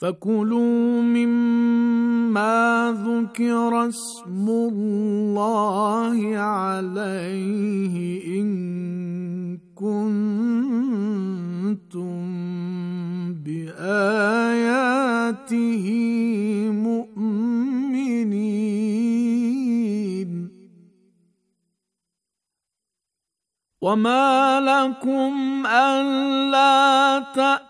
فكلوا مما ذكر اسم الله عليه إن كنتم بآياته مؤمنين وما لكم ألا تأتوا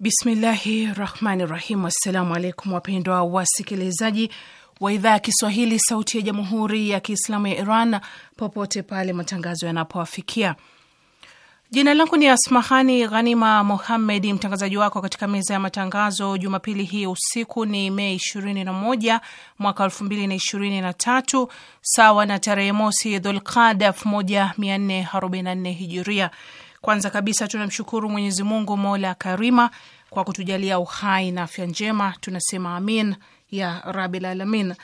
Bismillahi rahmani rahim. Assalamu alaikum wapendwa wasikilizaji wa idhaa ya Kiswahili sauti ya jamhuri ya Kiislamu ya Iran popote pale matangazo yanapowafikia. Jina langu ni Asmahani Ghanima muhammedi mtangazaji wako katika meza ya matangazo. Jumapili hii usiku ni Mei 21 mwaka 2023 sawa na tarehe mosi Dhulqada 1444 hijiria kwanza kabisa tunamshukuru Mwenyezi Mungu mola karima kwa kutujalia uhai na afya njema, tunasema amin ya rabil alamin.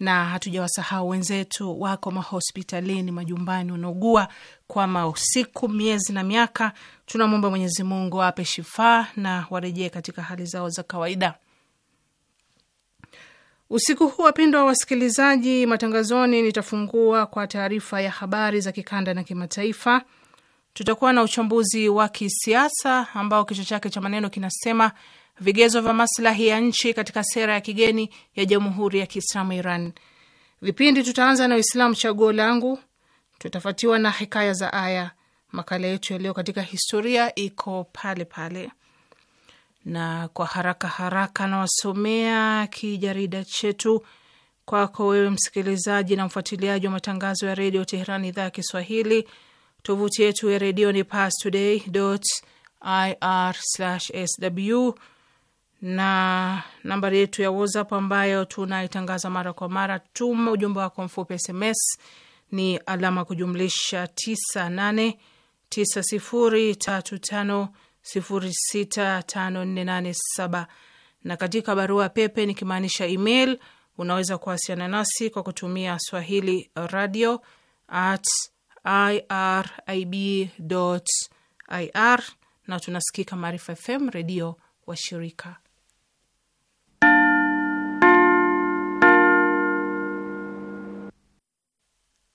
Na hatujawasahau wenzetu wako mahospitalini, majumbani, wanaugua kwa mausiku, miezi na miaka. Tunamwomba Mwenyezi Mungu ape shifaa na warejee katika hali zao za kawaida. Usiku huu wapendwa wasikilizaji, matangazoni nitafungua kwa taarifa ya habari za kikanda na kimataifa tutakuwa na uchambuzi wa kisiasa ambao kichwa chake cha maneno kinasema vigezo vya maslahi ya nchi katika sera ya kigeni ya Jamhuri ya Kiislamu Iran. Vipindi tutaanza na Uislamu chaguo langu, tutafuatiwa na hikaya za aya. Makala yetu yaliyo katika historia iko pale pale, na kwa haraka haraka nawasomea kijarida chetu kwako wewe msikilizaji na mfuatiliaji wa matangazo ya redio Teherani, idhaa ya Kiswahili Tovuti yetu ya redio ni pastoday.ir/sw na nambari yetu ya WhatsApp ambayo tunaitangaza mara kwa mara. Tuma ujumbe wako mfupi SMS ni alama kujumlisha 989035065487 na katika barua pepe nikimaanisha email, unaweza kuwasiliana nasi kwa kutumia swahili radio at irib.ir na tunasikika Maarifa FM redio wa shirika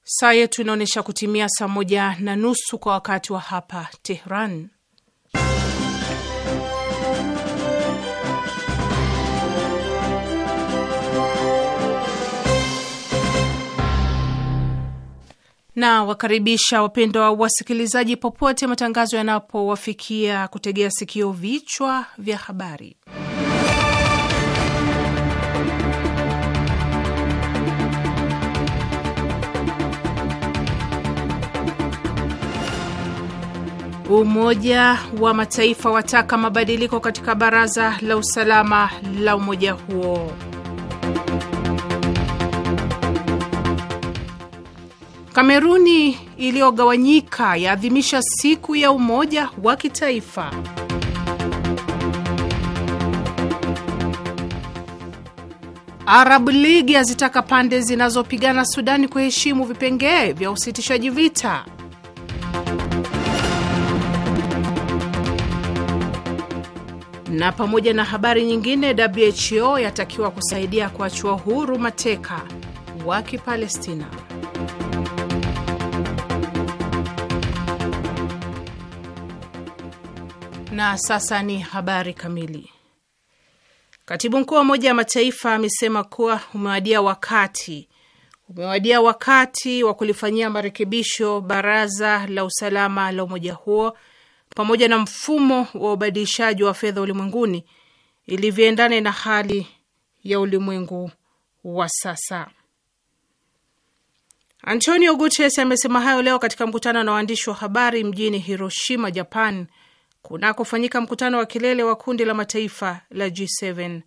Saa yetu inaonyesha kutimia saa moja na nusu kwa wakati wa hapa Tehran. na wakaribisha wapendwa wasikilizaji popote matangazo yanapowafikia kutegea sikio. Vichwa vya habari: Umoja wa Mataifa wataka mabadiliko katika Baraza la Usalama la umoja huo. Kameruni iliyogawanyika yaadhimisha siku ya umoja wa kitaifa. Arab League yazitaka pande zinazopigana Sudani kuheshimu vipengee vya usitishaji vita. Na pamoja na habari nyingine, WHO yatakiwa kusaidia kuachua huru mateka wa Kipalestina. Na sasa ni habari kamili. Katibu mkuu wa Umoja wa Mataifa amesema kuwa umewadia wakati umewadia wakati wa kulifanyia marekebisho Baraza la Usalama la umoja huo pamoja na mfumo wa ubadilishaji wa fedha ulimwenguni ili viendane na hali ya ulimwengu wa sasa. Antonio Guterres amesema hayo leo katika mkutano na waandishi wa habari mjini Hiroshima, Japan, kunakofanyika mkutano wa kilele wa kundi la mataifa la G7.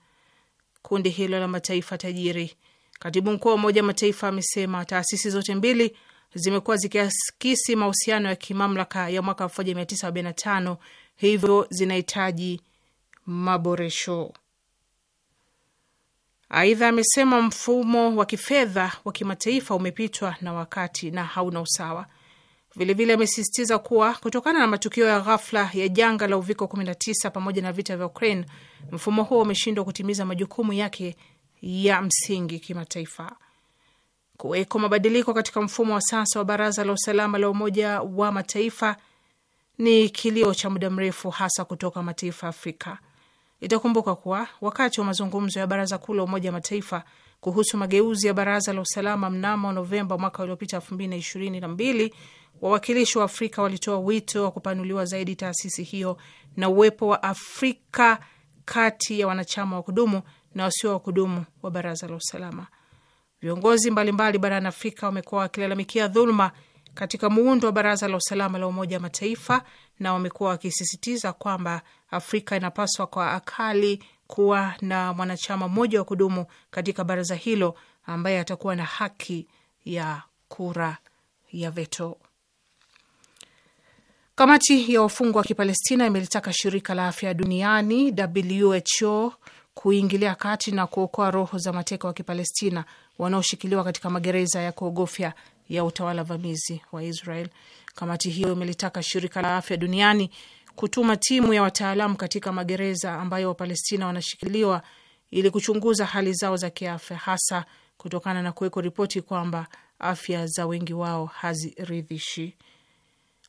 Kundi hilo la mataifa tajiri, katibu mkuu wa Umoja Mataifa amesema taasisi zote mbili zimekuwa zikiakisi mahusiano ya kimamlaka ya mwaka 1945 hivyo zinahitaji maboresho. Aidha, amesema mfumo wa kifedha wa kimataifa umepitwa na wakati na hauna usawa. Vilevile amesisitiza vile kuwa kutokana na matukio ya ghafla ya janga la uviko 19 pamoja na vita vya Ukraine, mfumo huo umeshindwa kutimiza majukumu yake ya msingi kimataifa. Kuweko mabadiliko katika mfumo wa sasa wa Baraza la Usalama la Umoja wa Mataifa ni kilio cha muda mrefu, hasa kutoka mataifa ya Afrika. Itakumbuka kuwa wakati wa mazungumzo ya Baraza Kuu la Umoja wa Mataifa kuhusu mageuzi ya Baraza la Usalama mnamo Novemba mwaka uliopita elfu mbili na ishirini na mbili Wawakilishi wa Afrika walitoa wito wa kupanuliwa zaidi taasisi hiyo na uwepo wa Afrika kati ya wanachama wa kudumu na wasio wa kudumu wa Baraza la Usalama. Viongozi mbalimbali barani Afrika wamekuwa wakilalamikia dhuluma katika muundo wa Baraza la Usalama la Umoja wa Mataifa na wamekuwa wakisisitiza kwamba Afrika inapaswa kwa akali kuwa na mwanachama mmoja wa kudumu katika baraza hilo ambaye atakuwa na haki ya kura ya veto. Kamati ya wafungwa wa Kipalestina imelitaka shirika la afya duniani WHO kuingilia kati na kuokoa roho za mateka wa Kipalestina wanaoshikiliwa katika magereza ya kuogofya ya utawala vamizi wa Israel. Kamati hiyo imelitaka shirika la afya duniani kutuma timu ya wataalamu katika magereza ambayo Wapalestina wanashikiliwa ili kuchunguza hali zao za kiafya, hasa kutokana na kuweko ripoti kwamba afya za wengi wao haziridhishi.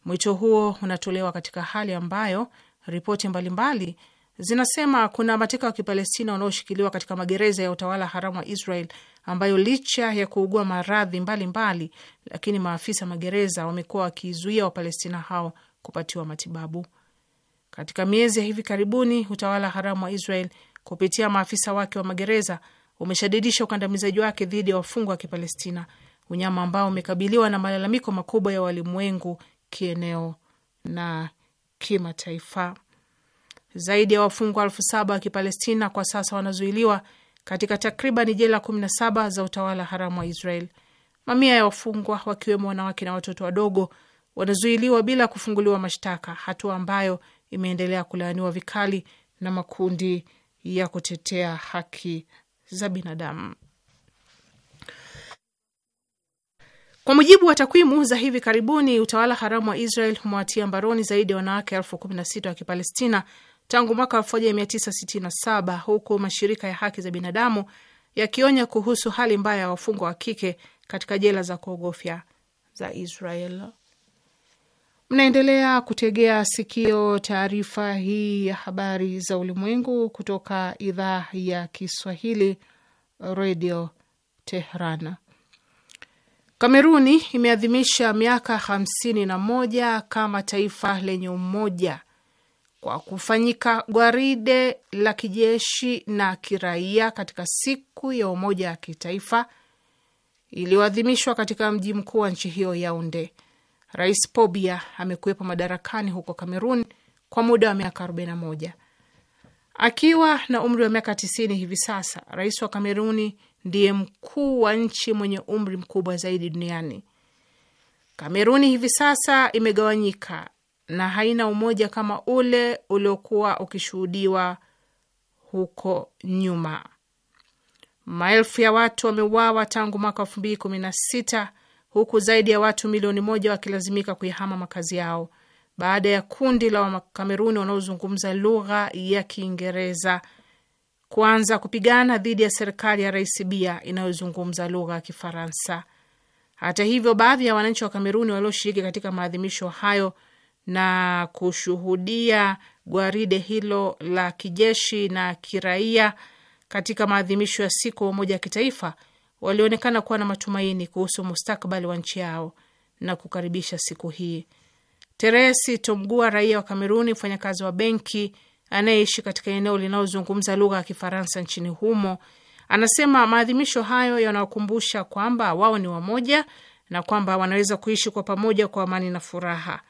Mwito huo unatolewa katika hali ambayo ripoti mbalimbali zinasema kuna mateka wa Kipalestina wanaoshikiliwa katika magereza ya utawala haramu wa Israel ambayo licha ya kuugua maradhi mbalimbali, lakini maafisa magereza wamekuwa wakizuia Wapalestina hao kupatiwa matibabu. Katika miezi ya hivi karibuni, utawala haramu wa Israel kupitia maafisa wake wa magereza umeshadidisha ukandamizaji wake dhidi ya wafungwa wa Kipalestina, unyama ambao umekabiliwa na malalamiko makubwa ya walimwengu kieneo na kimataifa. Zaidi ya wafungwa elfu saba wa Kipalestina kwa sasa wanazuiliwa katika takriban jela kumi na saba za utawala haramu wa Israel. Mamia ya wafungwa wakiwemo wanawake na watoto wadogo wanazuiliwa bila kufunguliwa mashtaka, hatua ambayo imeendelea kulaaniwa vikali na makundi ya kutetea haki za binadamu. Kwa mujibu wa takwimu za hivi karibuni, utawala haramu wa Israel umewatia mbaroni zaidi ya wanawake elfu kumi na sita wa Kipalestina tangu mwaka 1967 huku mashirika ya haki za binadamu yakionya kuhusu hali mbaya ya wafungwa wa kike katika jela za kuogofya za Israel. Mnaendelea kutegea sikio taarifa hii ya habari za ulimwengu kutoka idhaa ya Kiswahili, Redio Tehran. Kameruni imeadhimisha miaka hamsini na moja kama taifa lenye umoja kwa kufanyika gwaride la kijeshi na kiraia katika siku ya umoja wa kitaifa iliyoadhimishwa katika mji mkuu wa nchi hiyo Yaunde. Rais Pobia amekuwepo madarakani huko Kamerun kwa muda wa miaka 41 akiwa na umri wa miaka 90 hivi sasa. Rais wa Kameruni ndiye mkuu wa nchi mwenye umri mkubwa zaidi duniani. Kameruni hivi sasa imegawanyika na haina umoja kama ule uliokuwa ukishuhudiwa huko nyuma. Maelfu ya watu wameuawa tangu mwaka elfu mbili kumi na sita huku zaidi ya watu milioni moja wakilazimika kuihama makazi yao baada ya kundi la Wakameruni wanaozungumza lugha ya Kiingereza kuanza kupigana dhidi ya serikali ya Rais bia inayozungumza lugha ya Kifaransa. Hata hivyo, baadhi ya wananchi wa Kameruni walioshiriki katika maadhimisho hayo na kushuhudia gwaride hilo la kijeshi na kiraia katika maadhimisho ya siku wa umoja wa kitaifa walionekana kuwa na matumaini kuhusu mustakabali wa nchi yao na kukaribisha siku hii. Teresi Tomgua, raia wa Kameruni, mfanyakazi wa benki anayeishi katika eneo linalozungumza lugha ya Kifaransa nchini humo, anasema maadhimisho hayo yanawakumbusha kwamba wao ni wamoja na kwamba wanaweza kuishi kwa pamoja kwa amani na furaha.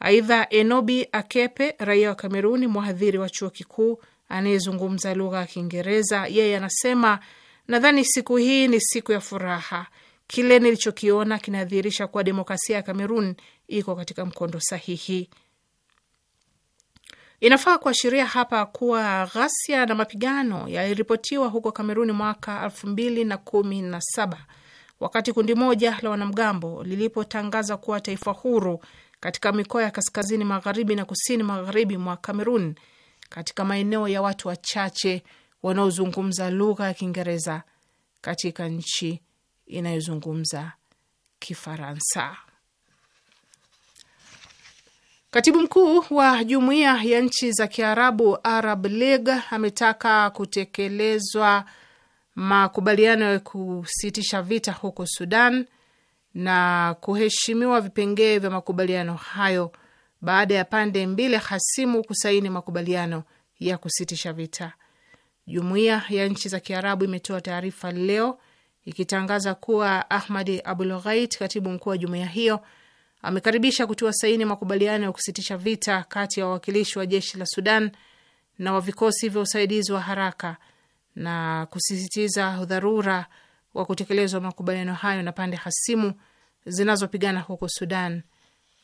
Aidha, Enobi Akepe, raia wa Kameruni, mhadhiri wa chuo kikuu anayezungumza lugha ya Kiingereza, yeye anasema nadhani siku hii ni siku ya furaha. Kile nilichokiona kinadhihirisha kuwa demokrasia ya Kamerun iko katika mkondo sahihi. Inafaa kuashiria hapa kuwa ghasia na mapigano yaliripotiwa huko Kameruni mwaka elfu mbili na kumi na saba wakati kundi moja la wanamgambo lilipotangaza kuwa taifa huru katika mikoa ya kaskazini magharibi na kusini magharibi mwa Kamerun, katika maeneo ya watu wachache wanaozungumza lugha ya Kiingereza katika nchi inayozungumza Kifaransa. Katibu mkuu wa jumuiya ya nchi za Kiarabu, Arab League, ametaka kutekelezwa makubaliano ya kusitisha vita huko Sudan na kuheshimiwa vipengee vya makubaliano hayo baada ya pande mbili hasimu kusaini makubaliano ya kusitisha vita. Jumuiya ya nchi za Kiarabu imetoa taarifa leo ikitangaza kuwa Ahmadi Abulghait, katibu mkuu wa jumuiya hiyo, amekaribisha kutiwa saini makubaliano ya kusitisha vita kati ya wawakilishi wa jeshi la Sudan na wa vikosi vya usaidizi wa haraka na kusisitiza udharura wa kutekelezwa makubaliano hayo na pande hasimu zinazopigana huko Sudan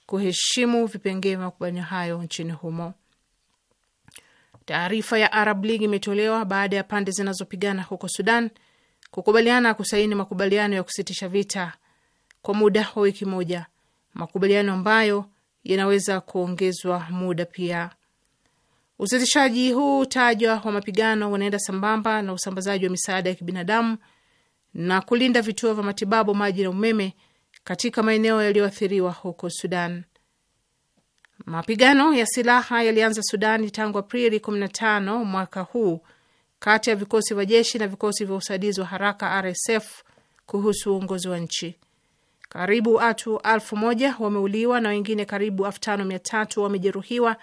kuheshimu vipengee vya makubaliano hayo nchini humo. Taarifa ya Arab League imetolewa baada ya pande zinazopigana huko Sudan kukubaliana kusaini makubaliano ya kusitisha vita kwa muda wa wiki moja makubaliano ambayo yanaweza kuongezwa muda pia. Usitishaji huu tajwa wa mapigano unaenda sambamba na usambazaji wa misaada ya kibinadamu na kulinda vituo vya matibabu, maji na umeme katika maeneo yaliyoathiriwa huko Sudan. Mapigano ya silaha yalianza Sudani tangu Aprili 15 mwaka huu kati ya vikosi vya jeshi na vikosi vya usaidizi wa haraka RSF kuhusu uongozi wa nchi. Karibu watu elfu moja wameuliwa na wengine karibu elfu tano mia tatu wamejeruhiwa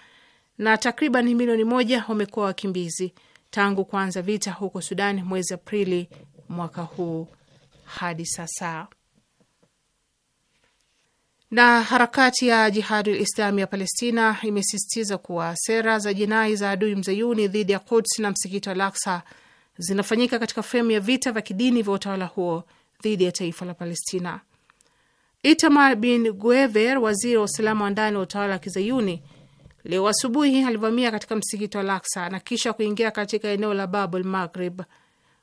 na takriban milioni moja wamekuwa wakimbizi tangu kuanza vita huko Sudan mwezi Aprili mwaka huu hadi sasa. Na harakati ya Jihadul Islami ya Palestina imesisitiza kuwa sera za jinai za adui mzayuni dhidi ya Quds na msikiti wa Al-Aqsa zinafanyika katika fremu ya vita vya kidini vya utawala huo dhidi ya taifa la Palestina. Itamar bin Guever, waziri wa usalama wa ndani wa utawala wa kizayuni, leo asubuhi alivamia katika msikiti wa Laksa na kisha kuingia katika eneo la Babul Maghrib.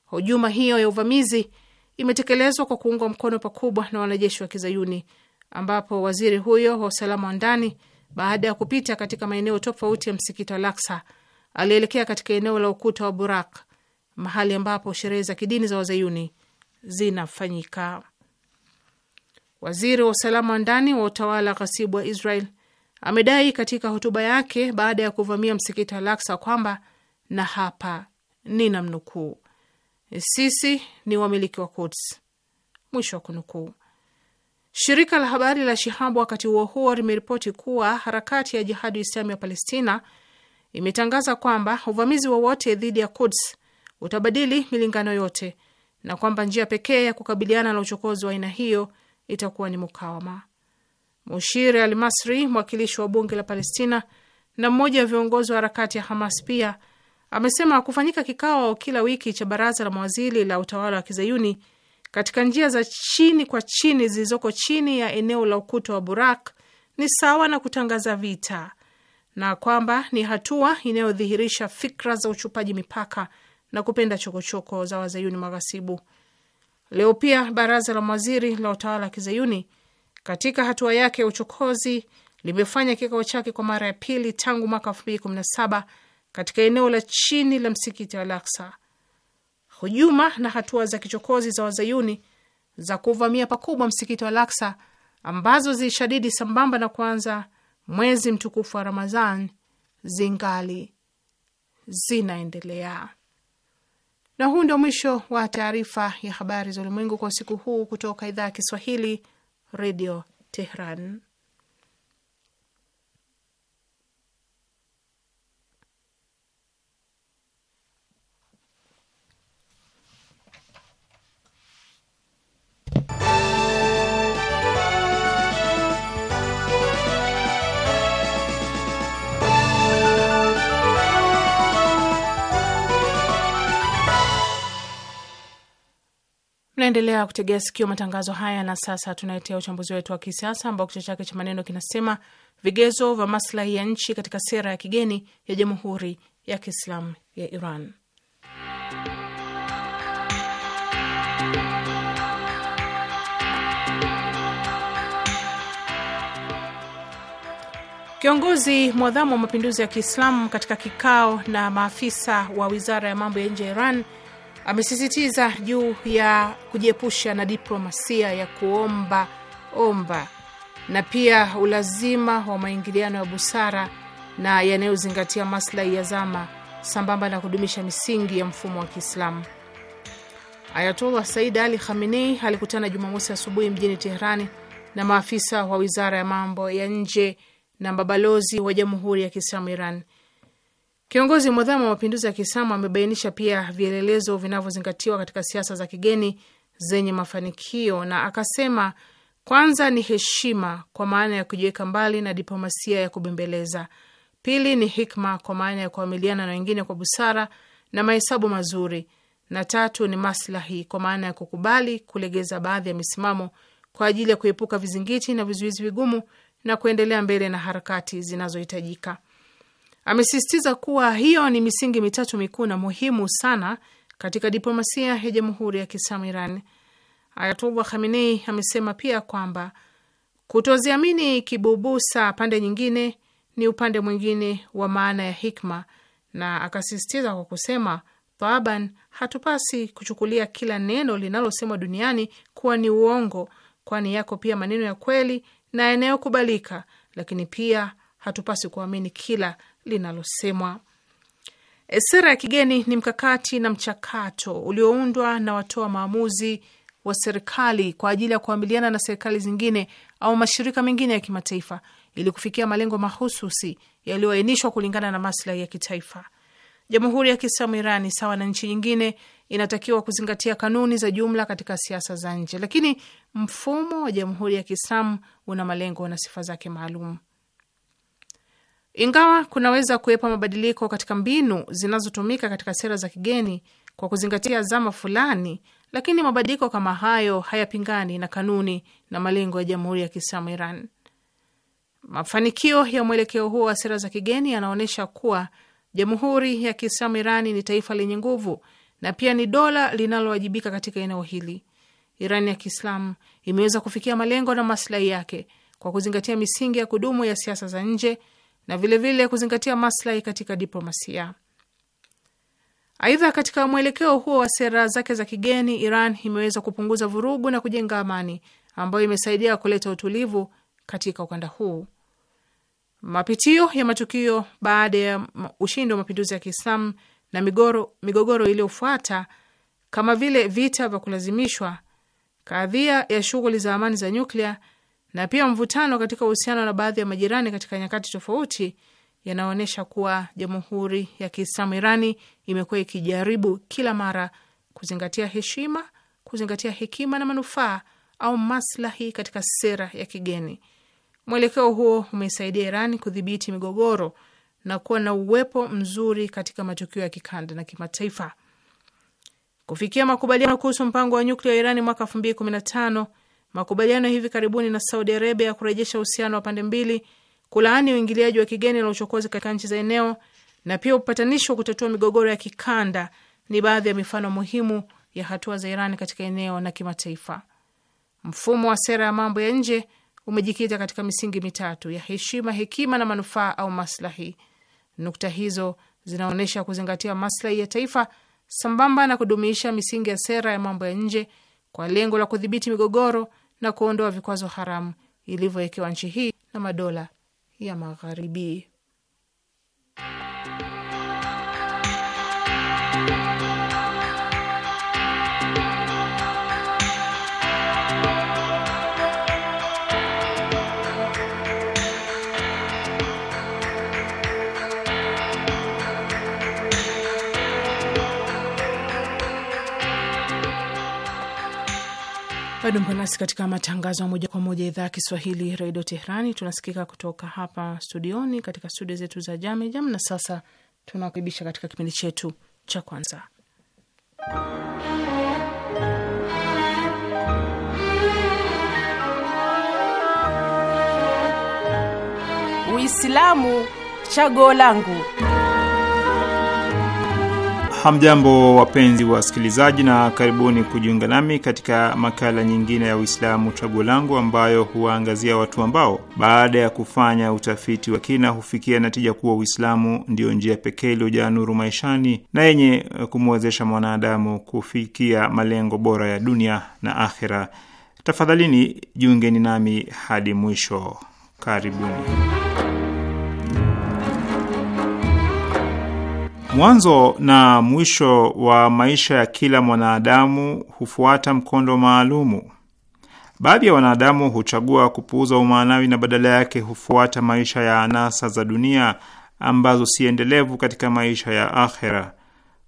Hujuma hiyo ya uvamizi imetekelezwa kwa kuungwa mkono pakubwa na wanajeshi wa kizayuni, ambapo waziri huyo wa usalama wa ndani baada ya kupita katika maeneo tofauti ya msikiti wa Laksa alielekea katika eneo la ukuta wa Burak, mahali ambapo sherehe za kidini za wazayuni zinafanyika. Waziri wa usalama wa ndani wa utawala ghasibu wa Israel amedai katika hotuba yake baada ya kuvamia msikiti Al-Aqsa kwamba, na hapa namnukuu, sisi ni wamiliki wa Quds, mwisho wa kunukuu. Shirika la habari la Shihabu wakati huo huo limeripoti kuwa harakati ya Jihadi Islami ya Palestina imetangaza kwamba uvamizi wowote dhidi ya Quds utabadili milingano yote na kwamba njia pekee ya kukabiliana na uchokozi wa aina hiyo itakuwa ni mukawama. Mushiri Al Masri, mwakilishi wa bunge la Palestina na mmoja wa viongozi wa harakati ya Hamas, pia amesema kufanyika kikao kila wiki cha baraza la mawaziri la utawala wa kizayuni katika njia za chini kwa chini zilizoko chini ya eneo la ukuta wa Burak ni sawa na kutangaza vita na kwamba ni hatua inayodhihirisha fikra za uchupaji mipaka na kupenda chokochoko choko za wazayuni maghasibu. Leo pia baraza la mawaziri la utawala wa kizayuni katika hatua yake ya uchokozi limefanya kikao chake kwa mara ya pili tangu mwaka saba katika eneo la chini la msikiti wa Al-Aqsa. Hujuma na hatua za kichokozi za wazayuni za kuvamia pakubwa msikiti wa Al-Aqsa ambazo zilishadidi sambamba na kuanza mwezi mtukufu wa Ramadhan zingali zinaendelea. Na huu ndio mwisho wa taarifa ya habari za ulimwengu kwa usiku huu kutoka idhaa ya Kiswahili, Redio Tehran. Mnaendelea kutegea sikio matangazo haya, na sasa tunaletea uchambuzi wetu wa kisiasa ambao kichwa chake cha maneno kinasema vigezo vya maslahi ya nchi katika sera ya kigeni ya Jamhuri ya Kiislamu ya Iran. Kiongozi mwadhamu wa mapinduzi ya Kiislamu katika kikao na maafisa wa wizara ya mambo ya nje ya Iran amesisitiza juu ya kujiepusha na diplomasia ya kuomba omba na pia ulazima wa maingiliano ya busara na yanayozingatia maslahi ya zama sambamba na kudumisha misingi ya mfumo wa Kiislamu. Ayatollah Said Ali Khamenei alikutana Jumamosi asubuhi mjini Teherani na maafisa wa wizara ya mambo ya nje na mabalozi wa Jamhuri ya Kiislamu Iran Kiongozi mwadhamu wa mapinduzi ya Kiislamu amebainisha pia vielelezo vinavyozingatiwa katika siasa za kigeni zenye mafanikio, na akasema kwanza ni heshima kwa maana ya kujiweka mbali na diplomasia ya kubembeleza. Pili ni hikma kwa maana ya kuamiliana na wengine kwa busara na mahesabu mazuri, na tatu ni maslahi kwa maana ya kukubali kulegeza baadhi ya misimamo kwa ajili ya kuepuka vizingiti na vizuizi vigumu na kuendelea mbele na harakati zinazohitajika. Amesisitiza kuwa hiyo ni misingi mitatu mikuu na muhimu sana katika diplomasia ya Jamhuri ya Kiislamu Iran. Ayatullah Khamenei amesema pia kwamba kutoziamini kibubusa pande nyingine ni upande mwingine wa maana ya hikma, na akasisitiza kwa kusema taban, hatupasi kuchukulia kila neno linalosemwa duniani kuwa ni uongo, kwani yako pia maneno ya kweli na yanayokubalika, lakini pia hatupasi kuamini kila linalosemwa. E, sera ya kigeni ni mkakati na mchakato ulioundwa na watoa maamuzi wa serikali kwa ajili ya kuamiliana na serikali zingine au mashirika mengine ya kimataifa ili kufikia malengo mahususi yaliyoainishwa kulingana na maslahi ya kitaifa. Jamhuri ya Kiislamu Irani, sawa na nchi nyingine, inatakiwa kuzingatia kanuni za jumla katika siasa za nje, lakini mfumo wa Jamhuri ya Kiislamu una malengo na sifa zake maalum. Ingawa kunaweza kuwepo mabadiliko katika mbinu zinazotumika katika sera za kigeni kwa kuzingatia zama fulani, lakini mabadiliko kama hayo hayapingani na kanuni na malengo ya Jamhuri ya Kiislamu Iran. Mafanikio ya mwelekeo huo wa sera za kigeni yanaonyesha kuwa Jamhuri ya Kiislamu Irani ni taifa lenye nguvu na pia ni dola linalowajibika katika eneo hili. Irani ya Kiislamu imeweza kufikia malengo na maslahi yake kwa kuzingatia misingi ya kudumu ya siasa za nje na vilevile vile kuzingatia maslahi katika diplomasia. Aidha, katika mwelekeo huo wa sera zake za kigeni, Iran imeweza kupunguza vurugu na kujenga amani ambayo imesaidia kuleta utulivu katika ukanda huu. Mapitio ya matukio baada ya ushindi wa mapinduzi ya Kiislamu na migoro, migogoro iliyofuata kama vile vita vya kulazimishwa, kadhia ya shughuli za amani za nyuklia na pia mvutano katika uhusiano na baadhi ya majirani katika nyakati tofauti yanaonyesha kuwa Jamhuri ya Kiislamu Irani imekuwa ikijaribu kila mara kuzingatia heshima, kuzingatia hekima na manufaa au maslahi katika sera ya kigeni. Mwelekeo huo umeisaidia Irani kudhibiti migogoro na kuwa na uwepo mzuri katika matukio ya kikanda na kimataifa. Kufikia makubaliano kuhusu mpango wa nyuklia wa Irani mwaka 2015 Makubaliano ya hivi karibuni na Saudi Arabia ya kurejesha uhusiano wa pande mbili, kulaani uingiliaji wa kigeni na uchokozi katika nchi za eneo, na pia upatanishi wa kutatua migogoro ya kikanda ni baadhi ya mifano muhimu ya hatua za Iran katika eneo na kimataifa. Mfumo wa sera ya mambo ya nje umejikita katika misingi mitatu ya heshima, hekima na manufaa au maslahi. Nukta hizo zinaonyesha kuzingatia maslahi ya taifa sambamba na kudumisha misingi ya sera ya mambo ya nje kwa lengo la kudhibiti migogoro na kuondoa vikwazo haramu ilivyowekewa nchi hii na madola ya Magharibi. Bado mpo nasi katika matangazo ya moja kwa moja idhaa ya Kiswahili redio Teherani. Tunasikika kutoka hapa studioni katika studio zetu za Jame Jam, na sasa tunakaribisha katika kipindi chetu cha kwanza Uislamu chaguo langu. Hamjambo, wapenzi wasikilizaji, na karibuni kujiunga nami katika makala nyingine ya Uislamu Chaguo Langu, ambayo huwaangazia watu ambao baada ya kufanya utafiti wa kina hufikia natija kuwa Uislamu ndiyo njia pekee iliyojaa nuru maishani na yenye kumwezesha mwanadamu kufikia malengo bora ya dunia na akhira. Tafadhalini jiungeni nami hadi mwisho. Karibuni. Mwanzo na mwisho wa maisha ya kila mwanadamu hufuata mkondo maalumu. Baadhi ya wanadamu huchagua kupuuza umaanawi na badala yake hufuata maisha ya anasa za dunia ambazo si endelevu katika maisha ya akhera.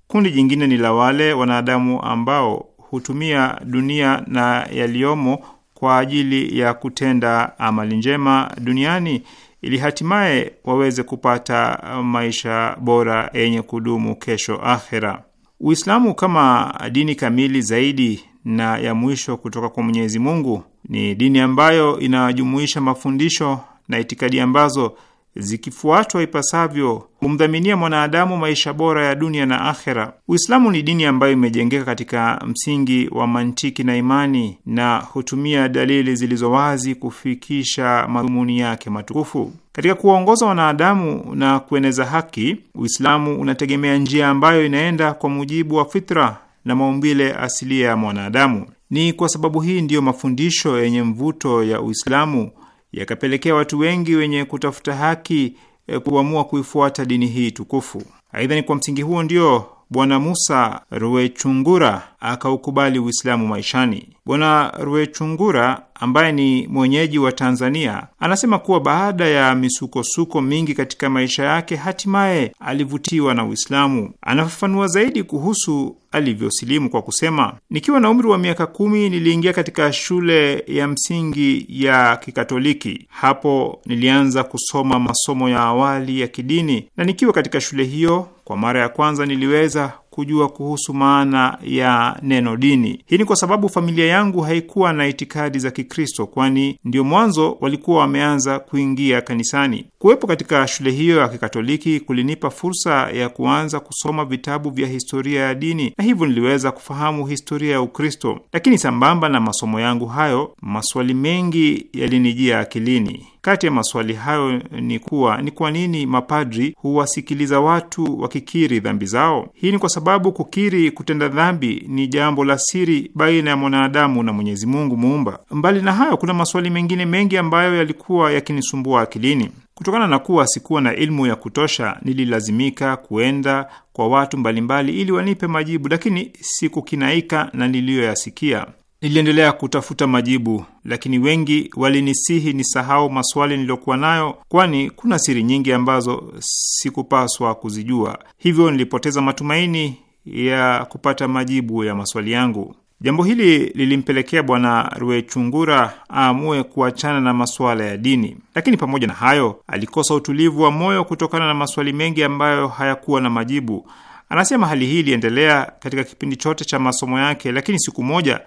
Kundi jingine ni la wale wanadamu ambao hutumia dunia na yaliyomo kwa ajili ya kutenda amali njema duniani ili hatimaye waweze kupata maisha bora yenye kudumu kesho akhera. Uislamu kama dini kamili zaidi na ya mwisho kutoka kwa Mwenyezi Mungu ni dini ambayo inajumuisha mafundisho na itikadi ambazo zikifuatwa ipasavyo humdhaminia mwanadamu maisha bora ya dunia na akhera. Uislamu ni dini ambayo imejengeka katika msingi wa mantiki na imani na hutumia dalili zilizo wazi kufikisha madhumuni yake matukufu. Katika kuwaongoza wanadamu na kueneza haki, Uislamu unategemea njia ambayo inaenda kwa mujibu wa fitra na maumbile asilia ya mwanadamu. Ni kwa sababu hii ndiyo mafundisho yenye mvuto ya Uislamu yakapelekea watu wengi wenye kutafuta haki e, kuamua kuifuata dini hii tukufu. Aidha, ni kwa msingi huo ndio Bwana Musa Ruwechungura akaukubali Uislamu maishani. Bwana Ruechungura ambaye ni mwenyeji wa Tanzania anasema kuwa baada ya misukosuko mingi katika maisha yake hatimaye alivutiwa na Uislamu. Anafafanua zaidi kuhusu alivyosilimu kwa kusema, nikiwa na umri wa miaka kumi niliingia katika shule ya msingi ya Kikatoliki. Hapo nilianza kusoma masomo ya awali ya kidini, na nikiwa katika shule hiyo kwa mara ya kwanza niliweza kujua kuhusu maana ya neno dini. Hii ni kwa sababu familia yangu haikuwa na itikadi za Kikristo, kwani ndio mwanzo walikuwa wameanza kuingia kanisani. Kuwepo katika shule hiyo ya Kikatoliki kulinipa fursa ya kuanza kusoma vitabu vya historia ya dini, na hivyo niliweza kufahamu historia ya Ukristo. Lakini sambamba na masomo yangu hayo, maswali mengi yalinijia akilini. Kati ya maswali hayo ni kuwa ni kwa nini mapadri huwasikiliza watu wakikiri dhambi zao? Hii ni kwa sababu kukiri kutenda dhambi ni jambo la siri baina ya mwanadamu na Mwenyezi Mungu Muumba. Mbali na hayo, kuna maswali mengine mengi ambayo yalikuwa yakinisumbua akilini. Kutokana na kuwa sikuwa na ilmu ya kutosha, nililazimika kuenda kwa watu mbalimbali ili wanipe majibu, lakini sikukinaika na niliyoyasikia. Niliendelea kutafuta majibu, lakini wengi walinisihi nisahau maswali niliyokuwa nayo, kwani kuna siri nyingi ambazo sikupaswa kuzijua. Hivyo nilipoteza matumaini ya kupata majibu ya maswali yangu. Jambo hili lilimpelekea Bwana ruechungura aamue kuachana na masuala ya dini, lakini pamoja na hayo alikosa utulivu wa moyo kutokana na maswali mengi ambayo hayakuwa na majibu. Anasema hali hii iliendelea katika kipindi chote cha masomo yake, lakini siku moja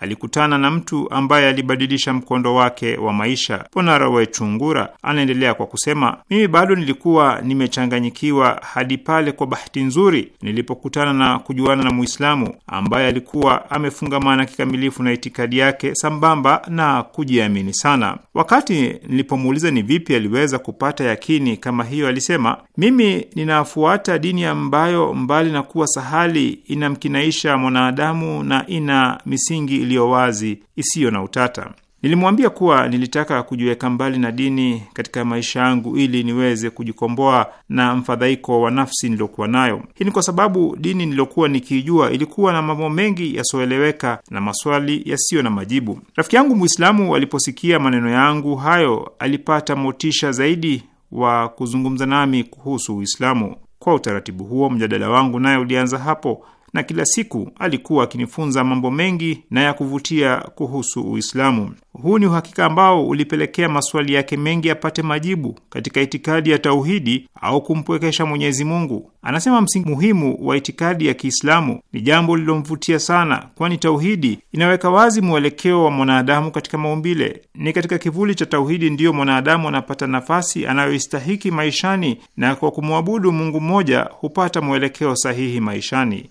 alikutana na mtu ambaye alibadilisha mkondo wake wa maisha. Ponarawechungura anaendelea kwa kusema, mimi bado nilikuwa nimechanganyikiwa hadi pale kwa bahati nzuri nilipokutana na kujuana na Muislamu ambaye alikuwa amefungamana kikamilifu na itikadi yake sambamba na kujiamini sana. Wakati nilipomuuliza ni vipi aliweza kupata yakini kama hiyo, alisema, mimi ninafuata dini ambayo mbali na kuwa sahali inamkinaisha mwanadamu na ina misingi iliyo wazi isiyo na utata. Nilimwambia kuwa nilitaka kujiweka mbali na dini katika maisha yangu ili niweze kujikomboa na mfadhaiko wa nafsi niliyokuwa nayo. Hii ni kwa sababu dini nililokuwa nikiijua ilikuwa na mambo mengi yasioeleweka na maswali yasiyo na majibu. Rafiki yangu Mwislamu aliposikia maneno yangu hayo, alipata motisha zaidi wa kuzungumza nami kuhusu Uislamu. Kwa utaratibu huo, mjadala wangu naye ulianza hapo na kila siku alikuwa akinifunza mambo mengi na ya kuvutia kuhusu Uislamu. Huu ni uhakika ambao ulipelekea maswali yake mengi apate majibu katika itikadi ya tauhidi au kumpwekesha Mwenyezi Mungu. Anasema msingi muhimu wa itikadi ya Kiislamu ni jambo lililomvutia sana, kwani tauhidi inaweka wazi mwelekeo wa mwanadamu katika maumbile. Ni katika kivuli cha tauhidi ndiyo mwanadamu anapata nafasi anayoistahiki maishani, na kwa kumwabudu Mungu mmoja hupata mwelekeo sahihi maishani.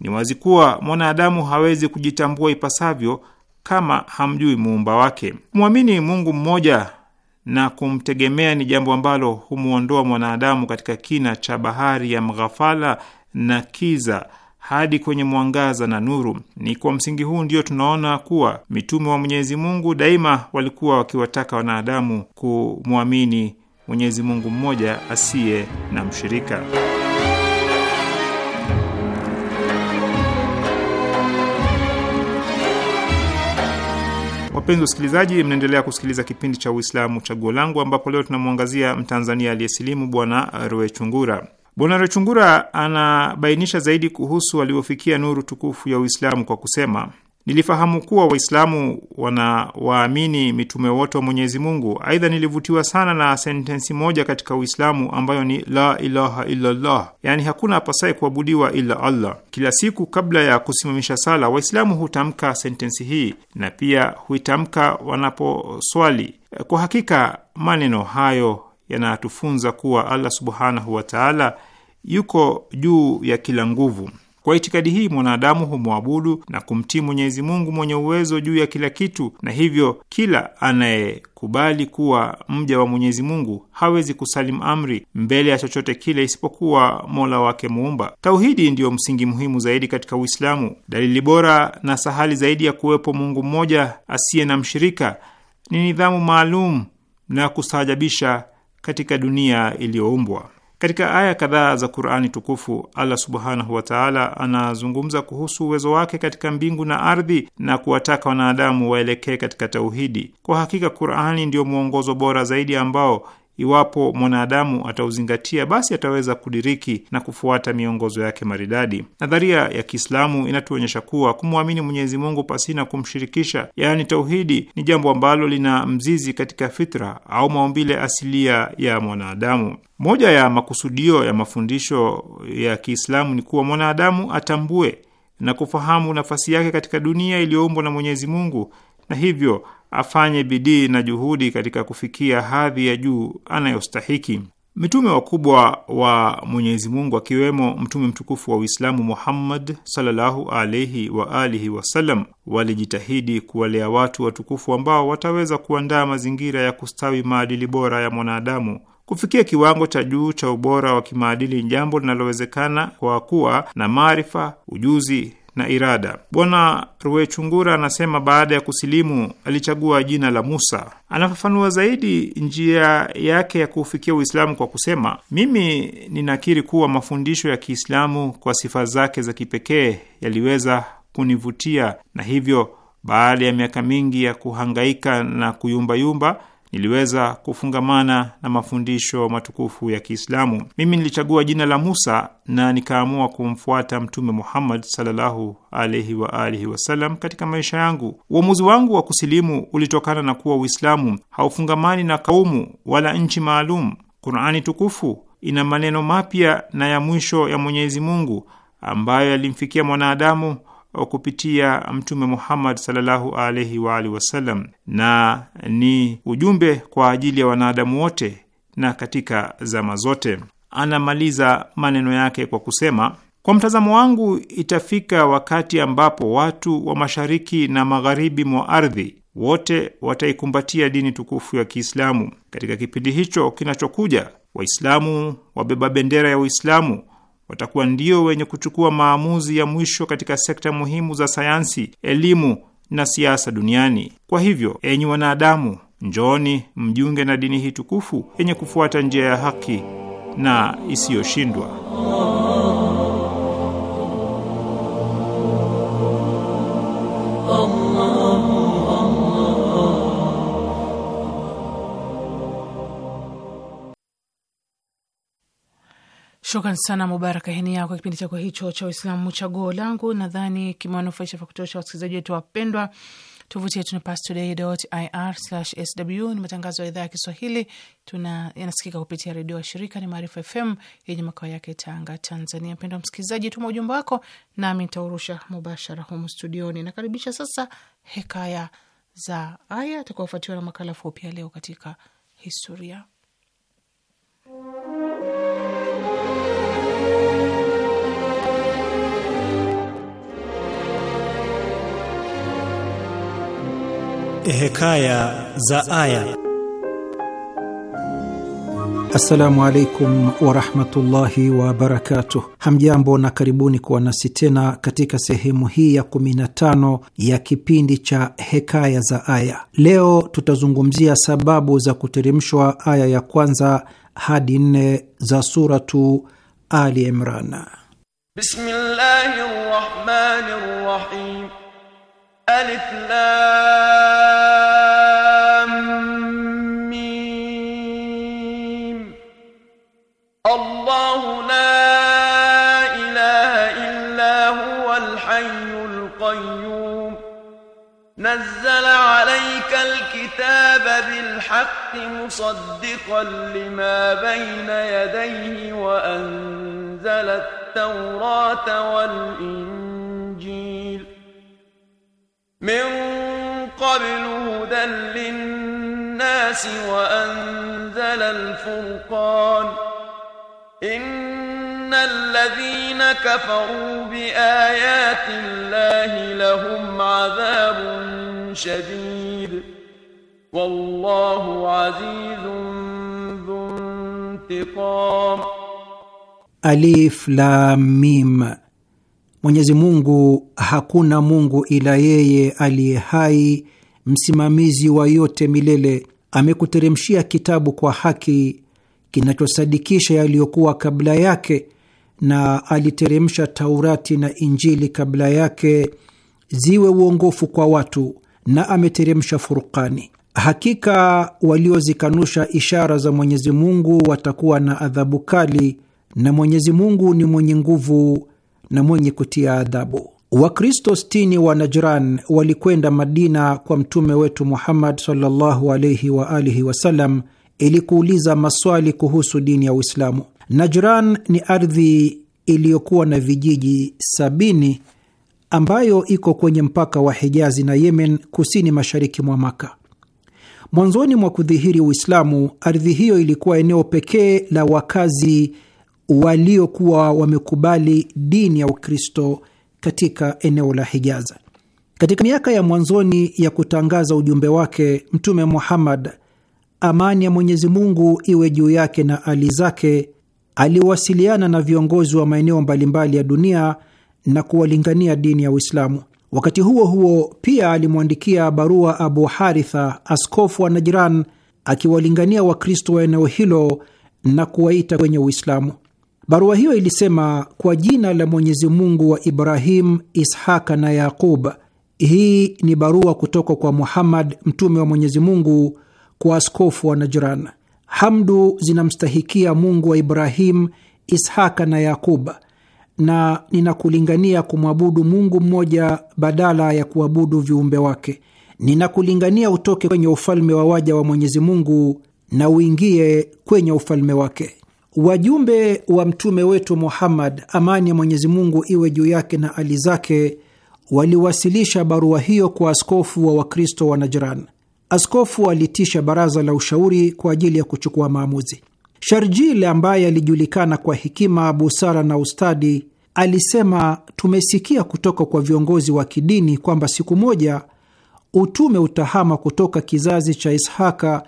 Ni wazi kuwa mwanadamu hawezi kujitambua ipasavyo kama hamjui muumba wake. Kumwamini Mungu mmoja na kumtegemea ni jambo ambalo humwondoa mwanadamu katika kina cha bahari ya mghafala na kiza hadi kwenye mwangaza na nuru. Ni kwa msingi huu ndio tunaona kuwa mitume wa Mwenyezi Mungu daima walikuwa wakiwataka wanadamu kumwamini Mwenyezi Mungu mmoja asiye na mshirika. Wapenzi wasikilizaji, mnaendelea kusikiliza kipindi cha Uislamu Chaguo Langu, ambapo leo tunamwangazia Mtanzania aliyesilimu Bwana Rwechungura. Bwana Rwechungura anabainisha zaidi kuhusu alivyofikia nuru tukufu ya Uislamu kwa kusema Nilifahamu kuwa Waislamu wanawaamini mitume wote wa Mwenyezi Mungu. Aidha, nilivutiwa sana na sentensi moja katika Uislamu ambayo ni la ilaha illallah, yaani hakuna apasaye kuabudiwa ila Allah. Kila siku kabla ya kusimamisha sala, Waislamu hutamka sentensi hii na pia huitamka wanaposwali. Kwa hakika maneno hayo yanatufunza kuwa Allah subhanahu wataala yuko juu ya kila nguvu kwa itikadi hii mwanadamu humwabudu na kumtii Mwenyezi Mungu mwenye uwezo juu ya kila kitu, na hivyo kila anayekubali kuwa mja wa Mwenyezi Mungu hawezi kusalimu amri mbele ya chochote kile isipokuwa Mola wake Muumba. Tauhidi ndiyo msingi muhimu zaidi katika Uislamu. Dalili bora na sahali zaidi ya kuwepo Mungu mmoja asiye na mshirika ni nidhamu maalum na kustaajabisha katika dunia iliyoumbwa. Katika aya kadhaa za Qurani tukufu Allah subhanahu wataala anazungumza kuhusu uwezo wake katika mbingu na ardhi na kuwataka wanadamu waelekee katika tauhidi. Kwa hakika Qurani ndio mwongozo bora zaidi ambao iwapo mwanadamu atauzingatia, basi ataweza kudiriki na kufuata miongozo yake maridadi. Nadharia ya Kiislamu inatuonyesha kuwa kumwamini Mwenyezi Mungu pasina kumshirikisha, yaani tauhidi, ni jambo ambalo lina mzizi katika fitra au maumbile asilia ya mwanadamu. Moja ya makusudio ya mafundisho ya Kiislamu ni kuwa mwanadamu atambue na kufahamu nafasi yake katika dunia iliyoumbwa na Mwenyezi Mungu na hivyo afanye bidii na juhudi katika kufikia hadhi ya juu anayostahiki. Mitume wakubwa wa Mwenyezi Mungu akiwemo mtume mtukufu wa Uislamu Muhammad sallallahu alaihi wa alihi wasallam walijitahidi kuwalea watu watukufu ambao wataweza kuandaa mazingira ya kustawi maadili bora ya mwanadamu. Kufikia kiwango cha juu cha ubora wa kimaadili ni jambo linalowezekana kwa kuwa na maarifa, ujuzi na irada. Bwana Ruechungura anasema baada ya kusilimu alichagua jina la Musa. Anafafanua zaidi njia yake ya kuufikia Uislamu kwa kusema, mimi ninakiri kuwa mafundisho ya Kiislamu kwa sifa zake za kipekee yaliweza kunivutia, na hivyo baada ya miaka mingi ya kuhangaika na kuyumbayumba niliweza kufungamana na mafundisho matukufu ya Kiislamu. Mimi nilichagua jina la Musa na nikaamua kumfuata Mtume Muhammad sallallahu alaihi wa alihi wasallam katika maisha yangu. Uamuzi wangu wa kusilimu ulitokana na kuwa Uislamu haufungamani na kaumu wala nchi maalum. Qurani tukufu ina maneno mapya na ya mwisho ya Mwenyezi Mungu ambayo yalimfikia mwanadamu kupitia Mtume Muhammad sallallahu alaihi wa alihi wasallam, na ni ujumbe kwa ajili ya wanadamu wote na katika zama zote. Anamaliza maneno yake kwa kusema, kwa mtazamo wangu, itafika wakati ambapo watu wa mashariki na magharibi mwa ardhi wote wataikumbatia dini tukufu ya Kiislamu. Katika kipindi hicho kinachokuja, Waislamu wabeba bendera ya Uislamu watakuwa ndio wenye kuchukua maamuzi ya mwisho katika sekta muhimu za sayansi, elimu na siasa duniani. Kwa hivyo, enyi wanadamu, njooni mjiunge na dini hii tukufu yenye kufuata njia ya haki na isiyoshindwa. Shukran sana Mubaraka Henia kwa kipindi chako hicho cha Uislamu Chaguo Langu. Nadhani kimewanufaisha vya kutosha wasikilizaji wetu wapendwa. Tovuti yetu ni pastoday.ir/sw. Ni matangazo ya idhaa ya Kiswahili tuna yanasikika kupitia redio wa shirika ni Maarifa FM yenye makao yake Tanga, Tanzania. Mpendwa msikilizaji, tuma ujumbe wako nami nitaurusha mubashara humu studioni. Nakaribisha sasa Hekaya za Aya, atakaofuatiwa na makala fupi ya Leo katika Historia. Eh, hekaya za Aya. Assalamu alaikum warahmatullahi wabarakatuh. Hamjambo na karibuni kuwa nasi tena katika sehemu hii ya 15 ya kipindi cha Hekaya za Aya. Leo tutazungumzia sababu za kuteremshwa aya ya kwanza hadi nne za Suratu Ali Imran. Bismillahirrahmanirrahim ألف لام الله لا إله إلا هو الحي القيوم نزل عليك الكتاب بالحق مصدقا لما بين يديه وأنزل التوراة والإنجيل من قبل هدى للناس وأنزل الفرقان إن الذين كفروا بآيات الله لهم عذاب شديد والله عزيز ذو انتقام أليف لام ميم Mwenyezi Mungu, hakuna Mungu ila yeye aliye hai, msimamizi wa yote milele, amekuteremshia kitabu kwa haki kinachosadikisha yaliyokuwa kabla yake, na aliteremsha Taurati na Injili kabla yake ziwe uongofu kwa watu, na ameteremsha Furukani. Hakika waliozikanusha ishara za Mwenyezi Mungu watakuwa na adhabu kali, na Mwenyezi Mungu ni mwenye nguvu na mwenye kutia adhabu. Wakristo sitini wa Najran walikwenda Madina kwa mtume wetu Muhammad sallallahu alaihi wa alihi wasallam ili kuuliza maswali kuhusu dini ya Uislamu. Najran ni ardhi iliyokuwa na vijiji sabini ambayo iko kwenye mpaka wa Hijazi na Yemen, kusini mashariki mwa Maka. Mwanzoni mwa kudhihiri Uislamu, ardhi hiyo ilikuwa eneo pekee la wakazi waliokuwa wamekubali dini ya Ukristo katika eneo la Hijaza. Katika miaka ya mwanzoni ya kutangaza ujumbe wake, Mtume Muhammad, amani ya Mwenyezi Mungu iwe juu yake na ali zake, aliwasiliana na viongozi wa maeneo mbalimbali ya dunia na kuwalingania dini ya Uislamu. Wakati huo huo, pia alimwandikia barua Abu Haritha, askofu wa Najran, akiwalingania Wakristo wa eneo hilo na kuwaita kwenye Uislamu. Barua hiyo ilisema, kwa jina la Mwenyezi Mungu wa Ibrahim, Ishaka na Yaqub. Hii ni barua kutoka kwa Muhammad, mtume wa Mwenyezi Mungu, kwa askofu wa Najran. Hamdu zinamstahikia Mungu wa Ibrahim, Ishaka na Yaqub, na ninakulingania kumwabudu Mungu mmoja badala ya kuabudu viumbe wake. Ninakulingania utoke kwenye ufalme wa waja wa Mwenyezi Mungu na uingie kwenye ufalme wake. Wajumbe wa mtume wetu Muhammad, amani ya Mwenyezi Mungu iwe juu yake na ali zake, waliwasilisha barua hiyo kwa askofu wa Wakristo wa Najran. Askofu alitisha baraza la ushauri kwa ajili ya kuchukua maamuzi. Sharjil ambaye alijulikana kwa hekima, busara na ustadi alisema, tumesikia kutoka kwa viongozi wa kidini kwamba siku moja utume utahama kutoka kizazi cha Ishaka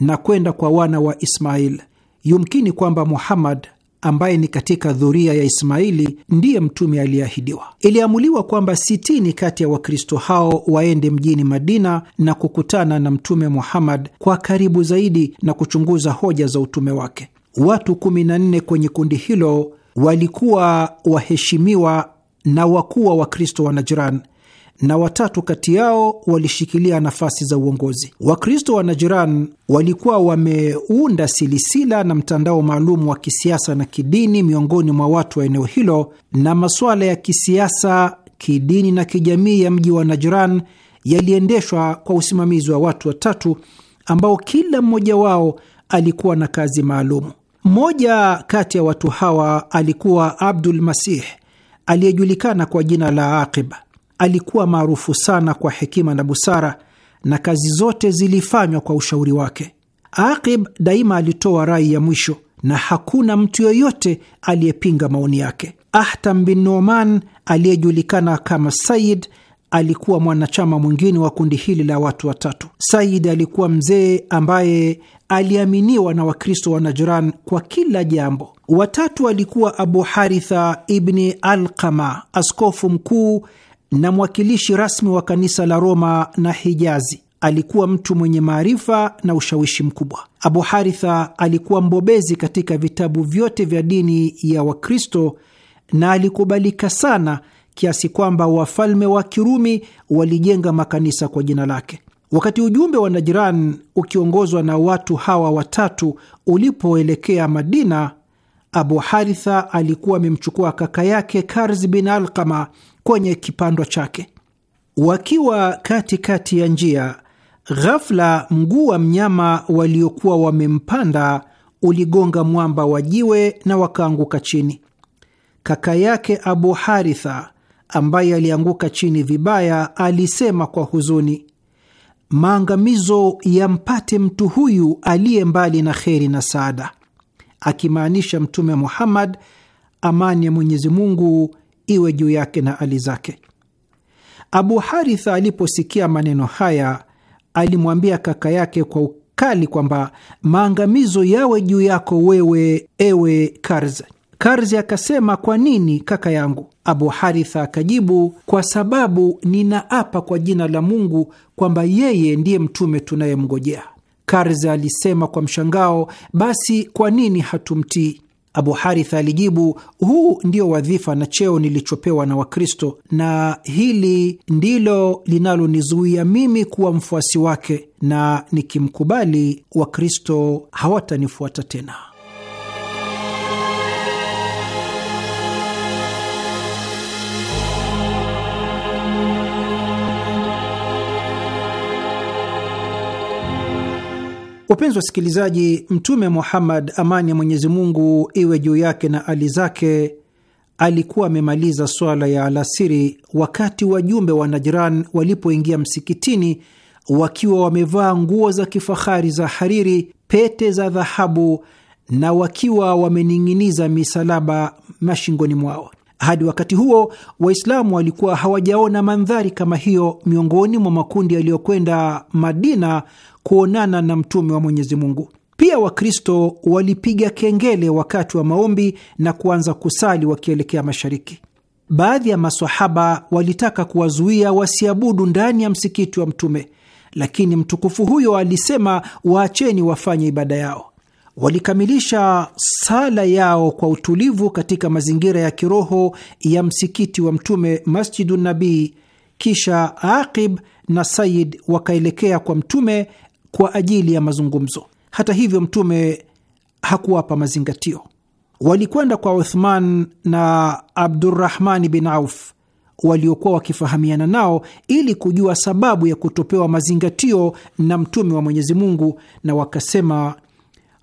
na kwenda kwa wana wa Ismail. Yumkini kwamba Muhammad ambaye ni katika dhuria ya Ismaili ndiye mtume aliyeahidiwa. Iliamuliwa kwamba sitini kati ya Wakristo hao waende mjini Madina na kukutana na Mtume Muhammad kwa karibu zaidi na kuchunguza hoja za utume wake. Watu kumi na nne kwenye kundi hilo walikuwa waheshimiwa na wakuu wa Wakristo wa Najiran na watatu kati yao walishikilia nafasi za uongozi. Wakristo wa Najiran walikuwa wameunda silisila na mtandao maalum wa kisiasa na kidini miongoni mwa watu wa eneo hilo, na masuala ya kisiasa, kidini na kijamii ya mji wa Najiran yaliendeshwa kwa usimamizi wa watu watatu ambao kila mmoja wao alikuwa na kazi maalumu. Mmoja kati ya watu hawa alikuwa Abdul Masih aliyejulikana kwa jina la Aqiba alikuwa maarufu sana kwa hekima na busara, na kazi zote zilifanywa kwa ushauri wake. Aqib daima alitoa rai ya mwisho na hakuna mtu yoyote aliyepinga maoni yake. Ahtam bin noman aliyejulikana kama Said alikuwa mwanachama mwingine wa kundi hili la watu watatu. Said alikuwa mzee ambaye aliaminiwa na Wakristo wa Najran kwa kila jambo. Watatu alikuwa Abu Haritha ibni Alqama, askofu mkuu na mwakilishi rasmi wa kanisa la Roma na Hijazi. Alikuwa mtu mwenye maarifa na ushawishi mkubwa. Abu Haritha alikuwa mbobezi katika vitabu vyote vya dini ya Wakristo na alikubalika sana kiasi kwamba wafalme wa Kirumi walijenga makanisa kwa jina lake. Wakati ujumbe wa Najiran ukiongozwa na watu hawa watatu ulipoelekea Madina, Abu Haritha alikuwa amemchukua kaka yake Karz bin Alkama kwenye kipando chake. Wakiwa katikati kati ya njia, ghafla mguu wa mnyama waliokuwa wamempanda uligonga mwamba wa jiwe na wakaanguka chini. Kaka yake Abu Haritha ambaye alianguka chini vibaya, alisema kwa huzuni, maangamizo yampate mtu huyu aliye mbali na kheri na saada, akimaanisha Mtume Muhammad, amani ya Mwenyezi Mungu iwe juu yake na ali zake. Abu Haritha aliposikia maneno haya, alimwambia kaka yake kwa ukali kwamba maangamizo yawe juu yako wewe, ewe Karz. Karzi akasema, kwa nini kaka yangu? Abu Haritha akajibu, kwa sababu ninaapa kwa jina la Mungu kwamba yeye ndiye mtume tunayemngojea. Karzi alisema kwa mshangao, basi kwa nini hatumtii? Abu Haritha alijibu, huu ndio wadhifa na cheo nilichopewa na Wakristo, na hili ndilo linalonizuia mimi kuwa mfuasi wake, na nikimkubali Wakristo hawatanifuata tena. Wapenzi wasikilizaji, Mtume Muhammad, amani ya Mwenyezi Mungu iwe juu yake na ali zake, alikuwa amemaliza swala ya alasiri wakati wajumbe wa Najran walipoingia msikitini wakiwa wamevaa nguo za kifahari za hariri, pete za dhahabu na wakiwa wamening'iniza misalaba mashingoni mwao. Hadi wakati huo Waislamu walikuwa hawajaona mandhari kama hiyo miongoni mwa makundi yaliyokwenda Madina kuonana na mtume wa Mwenyezi Mungu. Pia Wakristo walipiga kengele wakati wa maombi na kuanza kusali wakielekea mashariki. Baadhi ya masahaba walitaka kuwazuia wasiabudu ndani ya msikiti wa Mtume, lakini mtukufu huyo alisema, waacheni wafanye ibada yao. Walikamilisha sala yao kwa utulivu katika mazingira ya kiroho ya msikiti wa Mtume, Masjidu Nabii. Kisha Aqib na Sayid wakaelekea kwa Mtume kwa ajili ya mazungumzo. Hata hivyo, Mtume hakuwapa mazingatio. Walikwenda kwa Uthman na Abdurrahmani bin Auf waliokuwa wakifahamiana nao ili kujua sababu ya kutopewa mazingatio na Mtume wa Mwenyezi Mungu, na wakasema,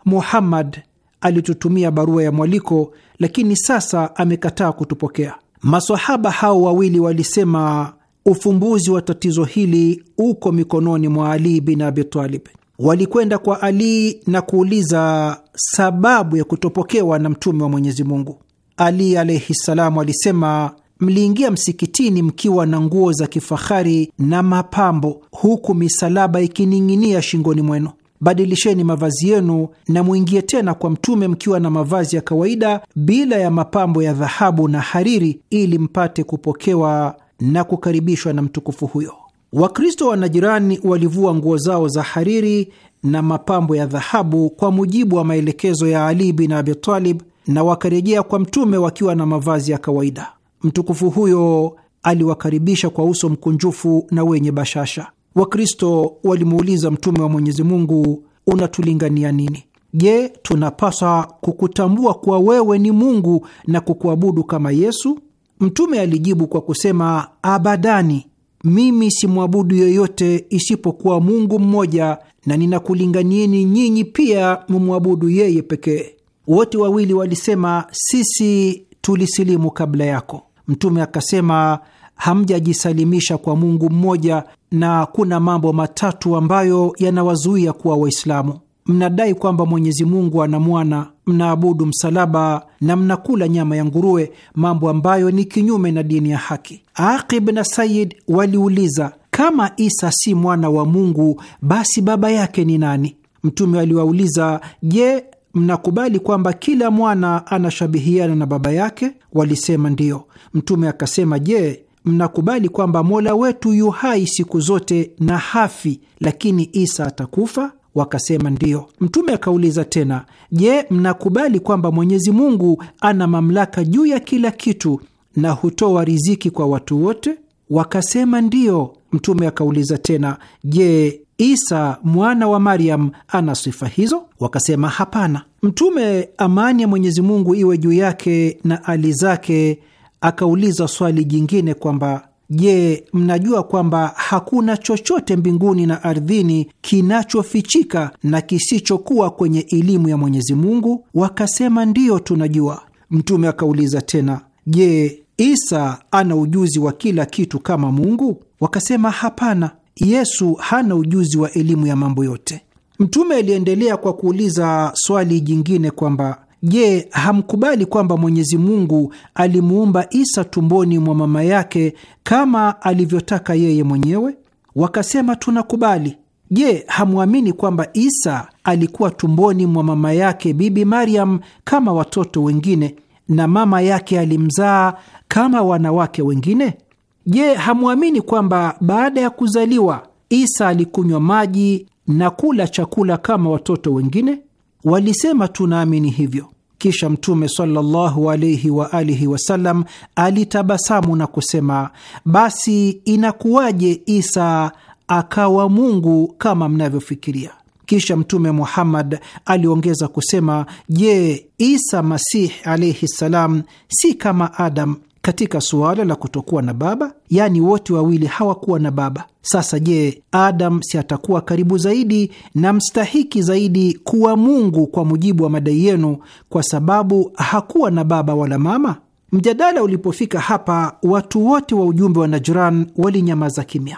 Muhammad alitutumia barua ya mwaliko, lakini sasa amekataa kutupokea. Masahaba hao wawili walisema Ufumbuzi wa tatizo hili uko mikononi mwa Ali bin Abi Talib. Walikwenda kwa Ali na kuuliza sababu ya kutopokewa na mtume wa Mwenyezi Mungu. Ali alaihi ssalamu alisema, mliingia msikitini mkiwa na nguo za kifahari na mapambo, huku misalaba ikining'inia shingoni mwenu. Badilisheni mavazi yenu na mwingie tena kwa mtume mkiwa na mavazi ya kawaida bila ya mapambo ya dhahabu na hariri, ili mpate kupokewa na kukaribishwa na mtukufu huyo. Wakristo wa Najirani walivua nguo zao za hariri na mapambo ya dhahabu kwa mujibu wa maelekezo ya Ali bin Abi Talib na wakarejea kwa Mtume wakiwa na mavazi ya kawaida. Mtukufu huyo aliwakaribisha kwa uso mkunjufu na wenye bashasha. Wakristo walimuuliza Mtume wa Mwenyezi Mungu, unatulingania nini? Je, tunapaswa kukutambua kuwa wewe ni Mungu na kukuabudu kama Yesu? Mtume alijibu kwa kusema, abadani, mimi simwabudu yoyote isipokuwa Mungu mmoja, na ninakulinganieni nyinyi pia mumwabudu yeye pekee. Wote wawili walisema, sisi tulisilimu kabla yako. Mtume akasema, hamjajisalimisha kwa Mungu mmoja, na kuna mambo matatu ambayo yanawazuia kuwa Waislamu mnadai kwamba Mwenyezi Mungu ana mwana, mnaabudu msalaba na mnakula nyama ya nguruwe, mambo ambayo ni kinyume na dini ya haki. Aqib na Sayid waliuliza, kama Isa si mwana wa Mungu, basi baba yake ni nani? Mtume aliwauliza, je, mnakubali kwamba kila mwana anashabihiana na baba yake? Walisema ndiyo. Mtume akasema, je, mnakubali kwamba mola wetu yu hai siku zote na hafi, lakini Isa atakufa? Wakasema ndiyo. Mtume akauliza tena, je, mnakubali kwamba Mwenyezi Mungu ana mamlaka juu ya kila kitu na hutoa riziki kwa watu wote? Wakasema ndiyo. Mtume akauliza tena, je, Isa mwana wa Maryam ana sifa hizo? Wakasema hapana. Mtume, amani ya Mwenyezi Mungu iwe juu yake na ali zake, akauliza swali jingine kwamba Je, mnajua kwamba hakuna chochote mbinguni na ardhini kinachofichika na kisichokuwa kwenye elimu ya Mwenyezi Mungu? Wakasema ndiyo, tunajua. Mtume akauliza tena, je, Isa ana ujuzi wa kila kitu kama Mungu? Wakasema hapana, Yesu hana ujuzi wa elimu ya mambo yote. Mtume aliendelea kwa kuuliza swali jingine kwamba Je, hamkubali kwamba Mwenyezi Mungu alimuumba Isa tumboni mwa mama yake kama alivyotaka yeye mwenyewe? Wakasema, tunakubali. Je, hamwamini kwamba Isa alikuwa tumboni mwa mama yake Bibi Mariam kama watoto wengine na mama yake alimzaa kama wanawake wengine? Je, hamwamini kwamba baada ya kuzaliwa Isa alikunywa maji na kula chakula kama watoto wengine? Walisema tunaamini hivyo. Kisha Mtume sallallahu alaihi wa alihi wasallam alitabasamu na kusema, basi inakuwaje Isa akawa Mungu kama mnavyofikiria? Kisha Mtume Muhammad aliongeza kusema, je, Isa Masih alaihi ssalam si kama Adam katika suala la kutokuwa na baba, yaani wote wawili hawakuwa na baba. Sasa je, Adam si atakuwa karibu zaidi na mstahiki zaidi kuwa Mungu kwa mujibu wa madai yenu, kwa sababu hakuwa na baba wala mama? Mjadala ulipofika hapa, watu wote wa ujumbe wa Najran walinyamaza kimya.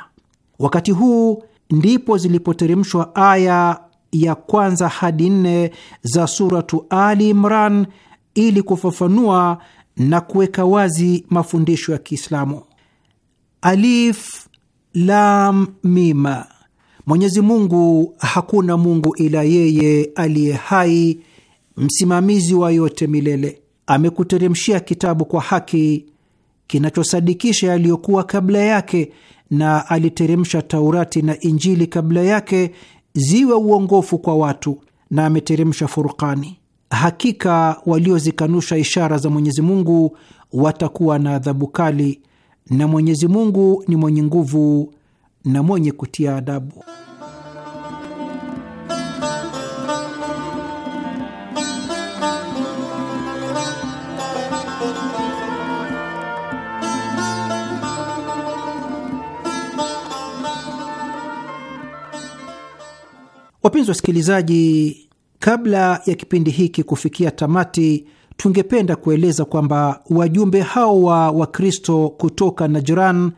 Wakati huu ndipo zilipoteremshwa aya ya kwanza hadi nne za Suratu Ali Imran ili kufafanua na kuweka wazi mafundisho ya Kiislamu. Alif Lam Mim. Mwenyezi Mungu, hakuna Mungu ila yeye aliye hai, msimamizi wa yote milele. Amekuteremshia kitabu kwa haki kinachosadikisha yaliyokuwa kabla yake, na aliteremsha Taurati na Injili kabla yake ziwe uongofu kwa watu, na ameteremsha Furukani. Hakika waliozikanusha ishara za Mwenyezi Mungu watakuwa na adhabu kali, na Mwenyezi Mungu ni mwenye nguvu na mwenye kutia adabu. Wapenzi wasikilizaji, Kabla ya kipindi hiki kufikia tamati, tungependa kueleza kwamba wajumbe hao wa Wakristo kutoka Najran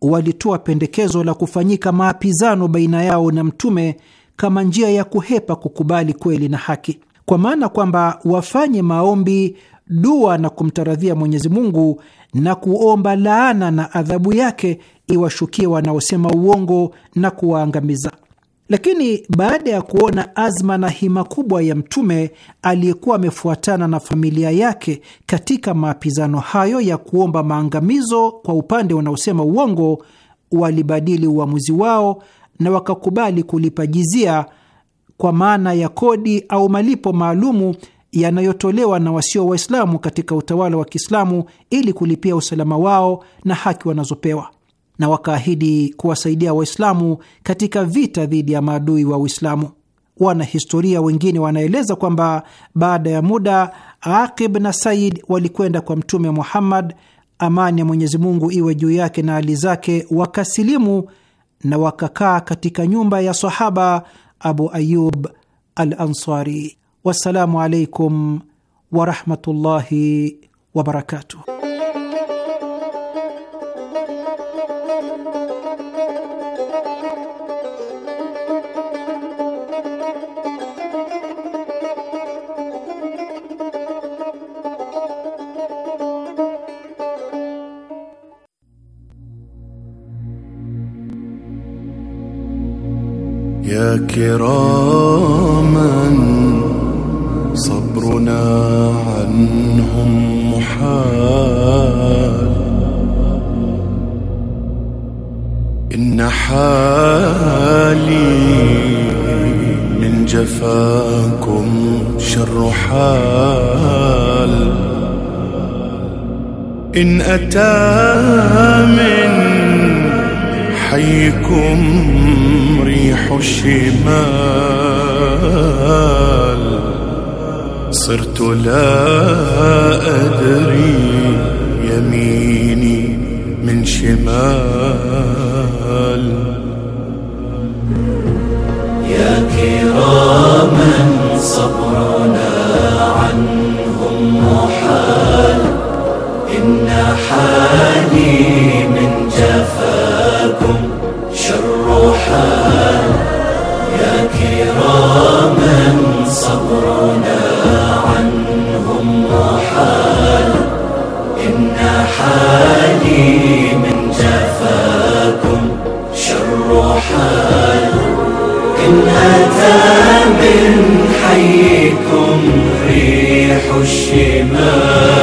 walitoa pendekezo la kufanyika maapizano baina yao na Mtume kama njia ya kuhepa kukubali kweli na haki, kwa maana kwamba wafanye maombi, dua na kumtaradhia Mwenyezi Mungu na kuomba laana na adhabu yake iwashukie wanaosema uongo na kuwaangamiza. Lakini baada ya kuona azma na hima kubwa ya mtume aliyekuwa amefuatana na familia yake katika mapizano hayo ya kuomba maangamizo kwa upande unaosema uongo, walibadili uamuzi wao na wakakubali kulipa jizia kwa maana ya kodi au malipo maalumu yanayotolewa na wasio Waislamu katika utawala wa Kiislamu ili kulipia usalama wao na haki wanazopewa na wakaahidi kuwasaidia Waislamu katika vita dhidi ya maadui wa Uislamu. Wanahistoria wengine wanaeleza kwamba baada ya muda, Aqib na Said walikwenda kwa Mtume Muhammad, amani ya Mwenyezi Mungu iwe juu yake na hali zake, wakasilimu na wakakaa katika nyumba ya sahaba Abu Ayub al Ansari. Wassalamu alaikum warahmatullahi wabarakatuh. كراما صبرنا عنهم محال إن حالي من جفاكم شر حال إن أتى من حيكم ريح الشمال صرت لا أدري يميني من شمال يا كراما صبرنا عنهم محال إن حالي صبرنا عنهم وحال إن حالي من جفاكم شر حال إن أتى من حيكم ريح الشمال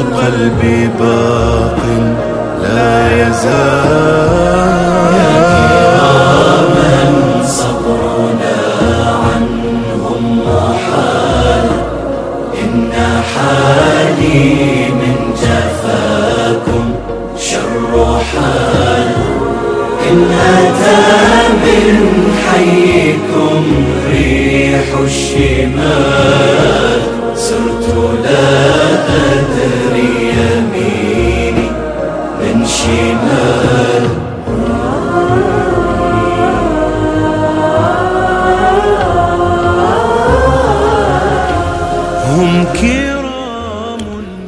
القلب باق لا يزال يا صبرنا عنهم محال إن حالي من جفاكم شر حال إن أتى من حيكم ريح صرت لا أدري يميني من شمال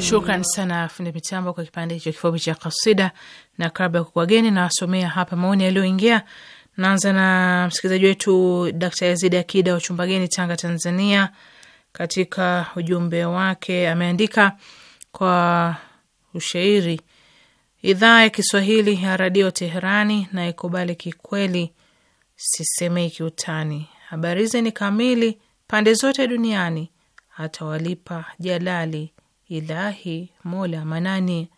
Shukran sana fundi mitambo kwa kipande hicho kifupi cha kasida, na kabla ya kukwageni, nawasomea hapa maoni yaliyoingia Naanza na msikilizaji wetu Dkt Yazidi Akida wa Chumbageni, Tanga, Tanzania. Katika ujumbe wake ameandika kwa ushairi: idhaa ya Kiswahili ya radio Teherani na ikubali kikweli, sisemei kiutani, habari hizi ni kamili pande zote duniani, atawalipa jalali ilahi mola manani.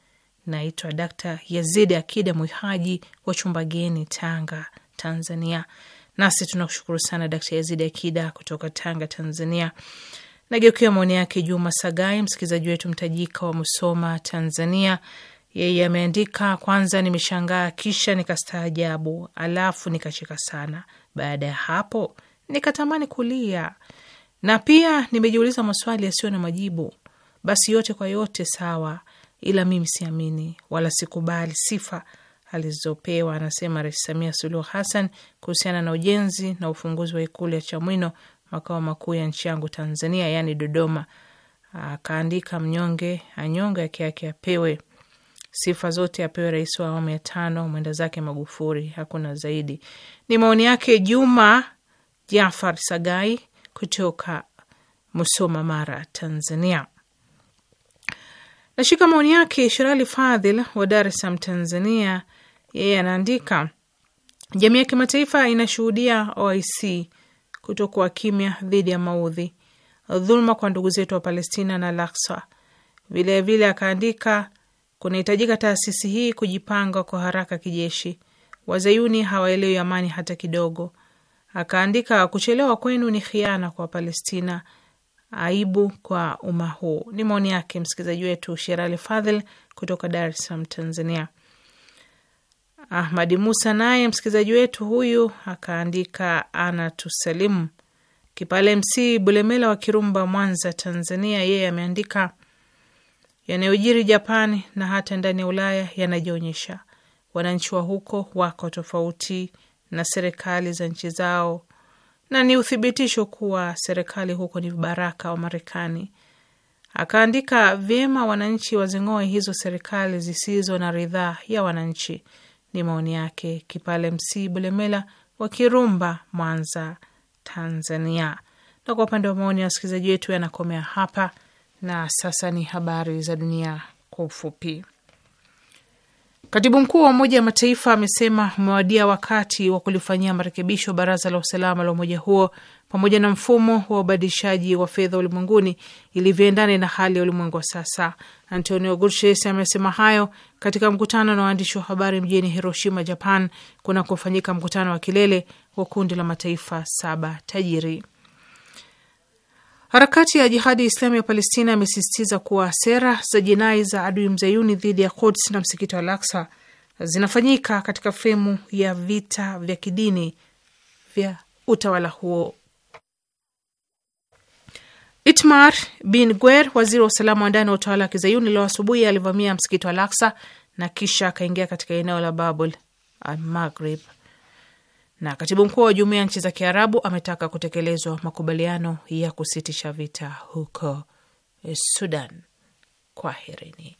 Naitwa Dkt Yazidi Akida Mwihaji wa Chumbageni, Tanga, Tanzania. Nasi tunakushukuru sana Dakta Yazidi Akida kutoka Tanga, Tanzania. Nageukia maoni yake Juma Sagai, msikilizaji wetu mtajika wa Musoma, Tanzania. Yeye ameandika, kwanza nimeshangaa, kisha nikastaajabu, alafu nikacheka sana. Baada ya hapo nikatamani kulia, na pia nimejiuliza maswali yasiyo na majibu. Basi yote kwa yote sawa, ila mimi siamini wala sikubali sifa alizopewa, anasema Rais Samia Suluhu Hassan kuhusiana na ujenzi na ufunguzi wa ikulu ya Chamwino, makao makuu ya nchi yangu Tanzania, yaani Dodoma. Akaandika, mnyonge anyonge yake yake apewe, sifa zote apewe rais wa awamu ya tano, mwenda zake Magufuri, hakuna zaidi. Ni maoni yake Juma Jafar Sagai kutoka Musoma, Mara, Tanzania. Nashika maoni yake Shirali Fadhil wa Dar es Salaam, Tanzania. Yeye anaandika jamii ya kimataifa inashuhudia OIC kutokuwa kimya dhidi ya maudhi, dhuluma kwa ndugu zetu wa Palestina na laksa Vilevile akaandika kunahitajika taasisi hii kujipanga kwa haraka kijeshi. Wazayuni hawaelewi amani hata kidogo. Akaandika kuchelewa kwenu ni khiana kwa Palestina, aibu kwa umma huu. Ni maoni yake msikilizaji wetu Sherali Fadhil kutoka Dar es Salaam, Tanzania. Ahmadi Musa naye msikilizaji wetu huyu akaandika, anatusalimu Kipale MC Bulemela wa Kirumba, Mwanza, Tanzania. Yeye ameandika yanayojiri Japani na hata ndani ya Ulaya yanajionyesha, wananchi wa huko wako tofauti na serikali za nchi zao, na ni uthibitisho kuwa serikali huko ni baraka wa Marekani. Akaandika vyema, wananchi wazing'oe hizo serikali zisizo na ridhaa ya wananchi ni maoni yake Kipale Msi Bulemela wa Kirumba, Mwanza, Tanzania. Na kwa upande wa maoni ya wasikilizaji wetu yanakomea hapa, na sasa ni habari za dunia kwa ufupi. Katibu mkuu wa Umoja wa Mataifa amesema umewadia wakati wa kulifanyia marekebisho Baraza la Usalama la umoja huo pamoja na mfumo wa ubadilishaji wa fedha ulimwenguni ilivyoendane na hali ya ulimwengu wa sasa. Antonio Guterres amesema hayo katika mkutano na waandishi wa habari mjini Hiroshima, Japan, kunakofanyika mkutano wa kilele wa kundi la mataifa saba tajiri. Harakati ya Jihadi Islamu ya Palestina imesisitiza kuwa sera za jinai za adui mzayuni dhidi ya Quds na msikiti wa Al-Aqsa zinafanyika katika fremu ya vita vya kidini vya utawala huo. Itmar Bin Gwer, waziri wa usalama wa ndani wa utawala wa kizayuni, leo asubuhi alivamia msikiti wa Al-Aqsa na kisha akaingia katika eneo la Babul al Maghrib. Na katibu mkuu wa jumuiya ya nchi za Kiarabu ametaka kutekelezwa makubaliano ya kusitisha vita huko Sudan. Kwaherini.